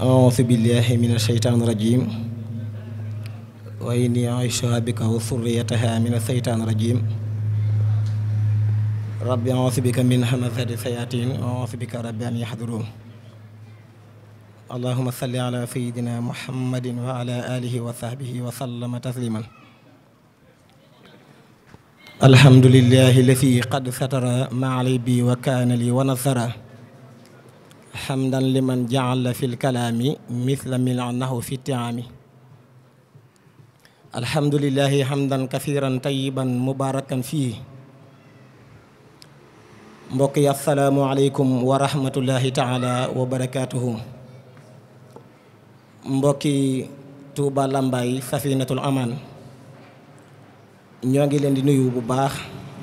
أعوذ بالله من الشيطان الرجيم وإني أعيشها بك وذريتها من الشيطان الرجيم رب أعوذ بك من همزات الشياطين وأعوذ بك رب أن يحضرون اللهم صل على سيدنا محمد وعلى آله وصحبه وسلم تسليما الحمد لله الذي قد ستر ما علي بي وكان لي ونصره xamdan liman jaala fi lkalaami mithla milanahu fi tiaami alhamdulilahi xamdan kathiran tayiban mubarakan fii mbokk yi asalaamu aleykum wa rahmatullahi taala wa mbokki Touba Lambaye safinatul aman ñoo ngi leen di nuyu bu baax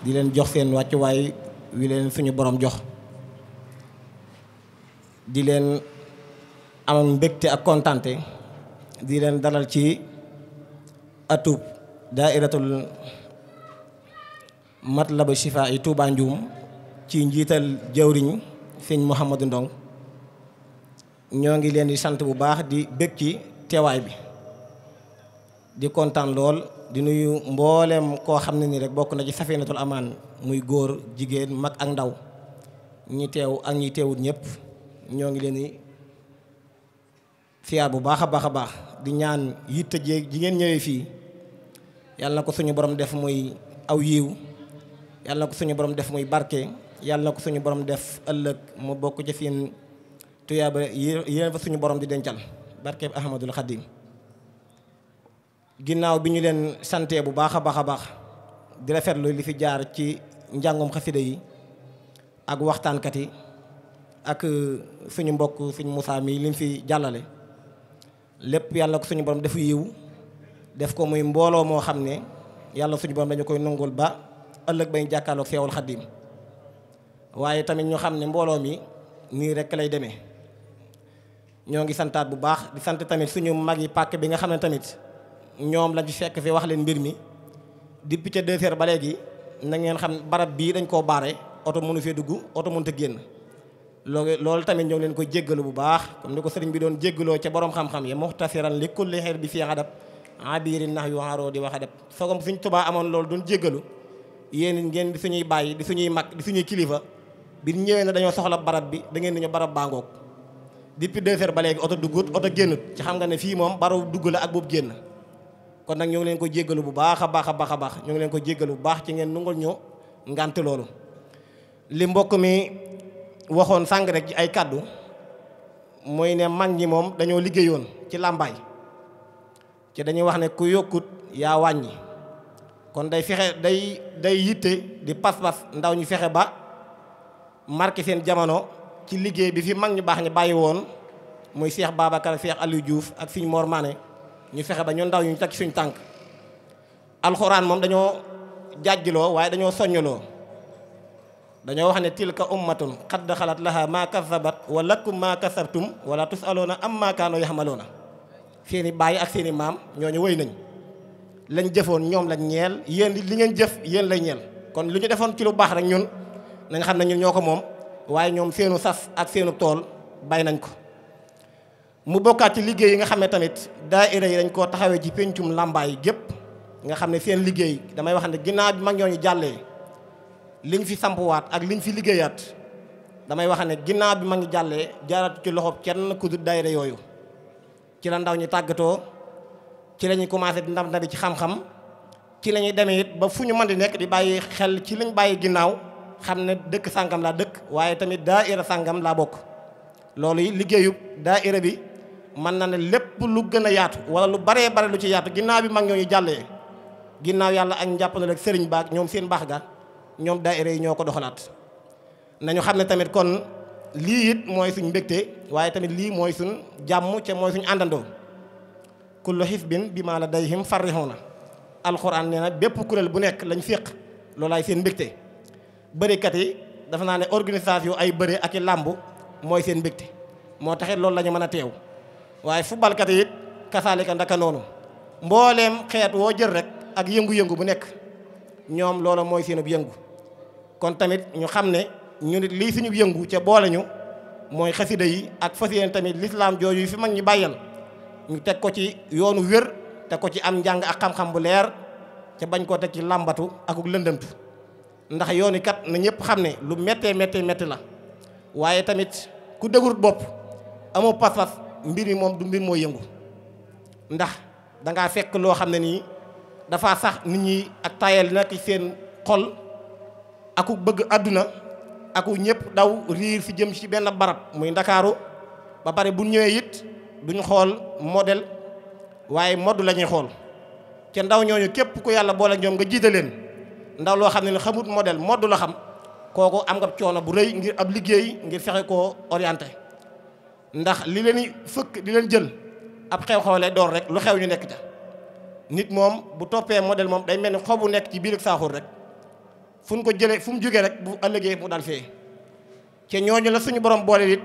di leen jox seen wàccuwaay wi leen suñu boroom jox di leen amoon mbégte ak kontante di leen dalal ci atub daairatul matlabu shifa yi Touba Ndioum ci njiital jawriñ fiñ Mouhamadou Ndong ñoo ngi leen di sant bu baax di bég ci teewaay bi di kontaan lool di nuyu mbooleem koo xam ne ni rek bokk na ci safinatul amaan muy góor jigéen mag ak ndaw ñi teew ak ñi teewut ñépp ñoo ngi leen di siyaar bu baax a baax a baax di ñaan yitte jéeg ji ngeen ñëwee fii yàlla na ko suñu borom def muy aw yiw yàlla ko suñu borom def muy barke yàlla na ko suñu borom def ëllëg mu bokk ci fiin tuyaaba yéen suñu borom di dencal barke bi Ahmadul Xadim ginnaaw bi ñu leen santee bu baax a baax a baax di rafetlu li fi jaar ci njàngum xasida yi ak waxtaankat yi ak euh, suñu mbokk suñu Moussa mii li fi jàllale lépp yàlla ko suñu borom defu yiw def ko muy mbooloo moo xam ne yàlla suñu borom dañu koy nangul ba ëllëg bañ jàkkaarloog feewul xaddim waaye tamit ñu xam ne mbooloo mi nii rek lay demee ñoo ngi santaat bu baax di sant tamit suñu mag yi pàkk bi nga xam ne tamit ñoom lañu fekk fi wax leen mbir mi depuis ca deux ba léegi na ngeen xam barab bii dañ koo baare oto mënu fee dugg oto mënut a génn loolu tamit ñoo ngi leen koy jéggalu bu baax comme ni ko sëriñ bi doon jéggaloo ca borom xam-xam ya muxtasiran li kulli xeer bi fii xadab abiri nax yu xaaroo di wax adab sogom jéggalu mag di suñuy kilifa bi ñëwee na dañoo soxla barab bi da ngeen di ñu barab baangoog depuis deux heures ba léegi oto duggut oto génnut xam nga ne fii moom baraw dugg la ak boobu génn kon nag ñoo leen ko jéggalu bu baax a baax a baax a baax ñoo ngi leen ko jéggalu bu baax ci ngeen nungul ñu ngànt loolu li mbokk mi waxoon sàng rek ci ay kàddu mooy ne mag ñi moom dañoo liggéeyoon ci làmbaay ci dañuy wax ne ku yokkut yaa wàññi kon day fexe day day yitte di pas-pas ndaw ñu fexe ba marqué seen jamono ci liggéey bi fi mag ñu baax ñi bàyyi woon muy Cheikh Babacar Cheikh Aliou ak suñu Mor ñu fexe ba ñu ndaw ñu teg suñu tànk alxuraan moom dañoo jàjjloo waaye dañoo soññaloo dañoo wax ne tilka ummatun xad daxalat laha maa kasabat wa lakum maa kasabtum wala tusaloona amma kaano yaxmaloona seen i bàyyi ak seen maam ñoo ñu wëy nañ lañ jëfoon ñoom lañ ñeel yéen li ngeen jëf yéen lay ñeel kon lu ñu defoon ci lu baax rek ñun nañ xam ne ñun ñoo ko moom waaye ñoom seenu sas ak seenu tool bay nañ ko mu bokkaat ci liggéey yi nga xam ne tamit daaira yi dañ koo taxawee ci péncum làmbaay gépp nga xam ne seen liggéey damay li nga fi sampuwaat ak li nga fi liggéeyaat damay wax ne ginnaaw bi ma ngi jàllee jaaratu ci loxob kenn ku dul daayira yooyu ci la ndaw ñi tàggatoo ci lañuy ñuy commencé di ndam ndabi ci xam-xam ci lañuy ñuy it ba fu ñu mën di nekk di bàyyi xel ci liñ bàyyi ginnaaw xam ne dëkk sàngam laa dëkk waaye tamit daayira sàngam laa bokk loolu yi liggéeyu daayira bi mën na ne lépp lu gën a yaatu wala lu baree bare lu ci yaatu ginnaaw bi mag ñoo jàllee ginnaaw yàlla ak njàpp na rek sëriñ baak ñoom seen baax ñoom daayira yi ñoo ko doxalaat nañu xam ne tamit kon lii it mooy suñ mbégte waaye tamit lii mooy suñ jàmm ca mooy suñ àndandoo kullu xisbin bi maa la day him farrixuuna alxuraan nee nag bépp kuréel bu nekk lañ féq ay seen mbégte bërikat yi dafa naa ne organisation ay bëre ak i làmb mooy seen mbégte moo taxit loolu lañu mën a teew waaye fubalkat it kasaalika ndaka noonu mbooleem xeet woo jël rek ak yëngu-yëngu bu nekk ñoom loolu mooy seenub yëngu kon tamit ñu xam ne ñu nit lii suñu yëngu ca boole ñu mooy xasida yi ak fas yéene tamit lislaam jooju fi mag ñu bàyyal ñu teg ko ci yoonu wér te ko ci am njàng ak xam-xam bu leer ca bañ koo teg ci làmbatu akuk lëndëmtu ndax yooni kat na ñëpp xam ne lu méttee méttee métti la waaye tamit ku dëgurut bopp amoo pas-pas mbir mi moom du mbir moo yëngu ndax dangaa fekk loo xam ne nii dafa sax nit ñi ak tayal na ci seen xol aku bëgg àdduna aku ñëpp daw riir fi jëm ci benn barab muy ndakaaru ba pare bu ñëwee it duñu xool model waaye modd la ñuy xool te ndaw ñooñu képp ku yàlla boole ñoom nga jiite leen ndaw loo xam ne ne xamut modèle modd la xam kooku am nga coono bu rëy ngir ab liggéey ngir fexe ko orienté ndax li leen fëkk di leen jël ab xew-xewle door rek lu xew ñu nekk ca nit moom bu toppee modèle moom day mel ni xobu nekk ci biir ak saaxur rek fu ko jëlee fu mu jógee rek bu ëllëgee mu dal fee te ñooñu la suñu borom boole it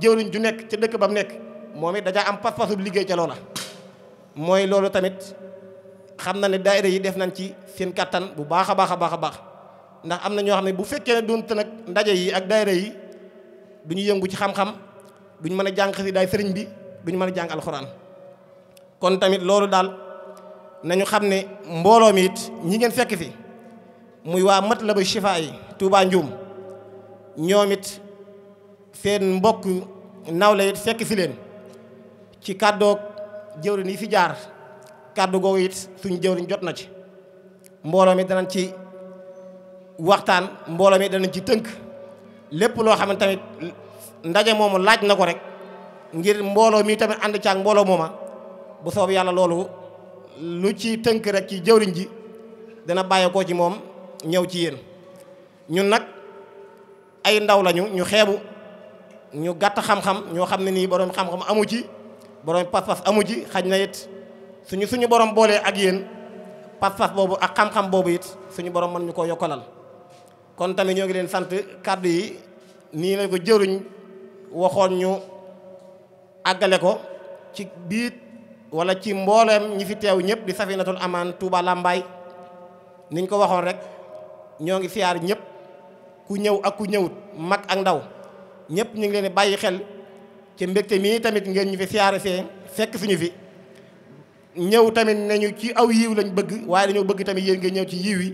jëwriñ ju nekk ca dëkk ba mu nekk moom it dajaa am pas-pasu liggéey ca loola. mooy loolu tamit xam na ne daayira yi def nañ ci seen kattan bu baax a baax a baax a baax ndax am na ñoo xam ne bu fekkee ne doonte nag ndaje yi ak daayira yi bu ñu yëngu ci xam-xam duñ mën a jàng day sëriñ bi duñ mën a jàng alxuraan kon tamit loolu daal nañu xam ne mbooloo mi it ñi ngeen fekk fi. muy waa matlabu chifa yi Touba Ndioum ñoom it seen mbokk nawle it fekk si leen ci kàddoog jëwriñ yi fi jaar kàddu googu it suñ jëwriñ jot na ci mbooloo mi danañ ci waxtaan mbooloo mi danañ ci tënk lépp loo xam ne tamit ndaje moomu laaj na ko rek ngir mbooloo mi tamit ànd caag mbooloo mooma bu soob yàlla loolu lu ci tënk rek ci jëwriñ ji dana bàyyi ko ci moom ñëw ci yéen ñun nag ay ndaw lañu ñu xeebu ñu gàtt xam-xam ñoo xam ne nii boroom xam-xam amu ci borom pas-pas amu ci xaj na yit suñu suñu borom boolee ak yéen pas-pas boobu ak xam-xam boobu it suñu borom mën ñu ko yokkalal kon tamit ñoo ngi leen sant kàddu yi nii lañ ko jëruñ waxoon ñu àggale ko ci biit wala ci mbooleem ñi fi teew ñëpp di safinatul amaan Touba Lambaye niñ ko waxoon rek. ñoo ngi siyaar ñëpp ku ñëw ak ku ñëwut mag ak ndaw ñëpp ñu ngi leen bàyyi xel ci mbégte mii tamit ngeen ñu fi siyaare see fekk suñu fi ñëw tamit nañu ci aw yiw lañ bëgg waaye dañoo bëgg tamit yéen ngeen ñëw ci yiw yi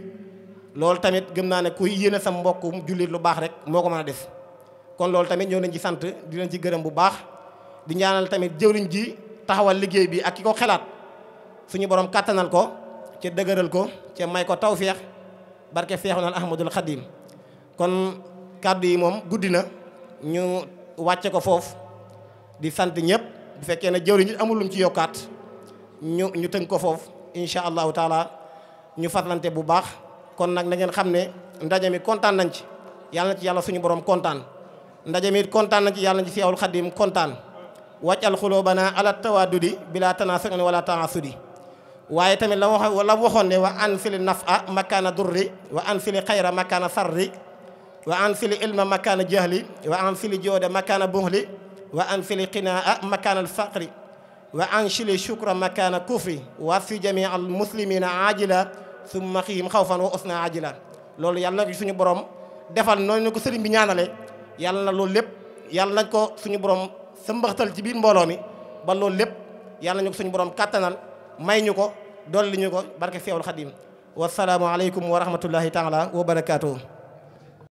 loolu tamit gëm naa ne ku yéene sa mbokk jullit lu baax rek moo ko mën a def kon loolu tamit ñoo leen ci sant di ci gërëm bu baax di ñaanal tamit jëwriñ ji taxawal liggéey bi ak ki ko xelaat suñu borom kàttanal ko ca dëgëral ko ca may ko tawféex barke Seexuna Ahmadul Xadim kon kàddu yi moom guddi na ñu wàcce ko foofu di sant ñëpp bu fekkee na jëwriñ amul lu mu ci yokkaat ñu ñu tënk ko foofu incha allahu taala ñu fatlante bu baax kon nag na ngeen xam ne ndaje mi kontaan nañ ci yàlla na ci yàlla suñu borom kontaan ndaje mi kontaan nañ ci yàlla na ci Seexul Xadim kontaan wàccal xuloo bana ala tawaadudi bila tanaasun wala taasudi waaye tamit la wax la waxoon ne wa an fili nafa makaana durri wa an fili xayra makaana farri wa an fili ilma makaana jahli wa an fili jooda makaana buhli wa an fili qinaa makaana alfaqri wa an shili shukra makaana kufri wa fi jamii al muslimina ajila summa xihim xawfan wa ajila loolu yàlla na suñu borom defal noonu ko sëriñ bi ñaanale yàlla na loolu lépp yàlla nañ ko suñu borom sa mbaxtal ci biir mbooloo mi ba loolu lépp yàlla nañu ko suñu borom kàttanal may ñu ko dolli ñu ko barke Seexul Xadim wasalaamu aleykum wa rahmatullahi taala wa barakaatuhu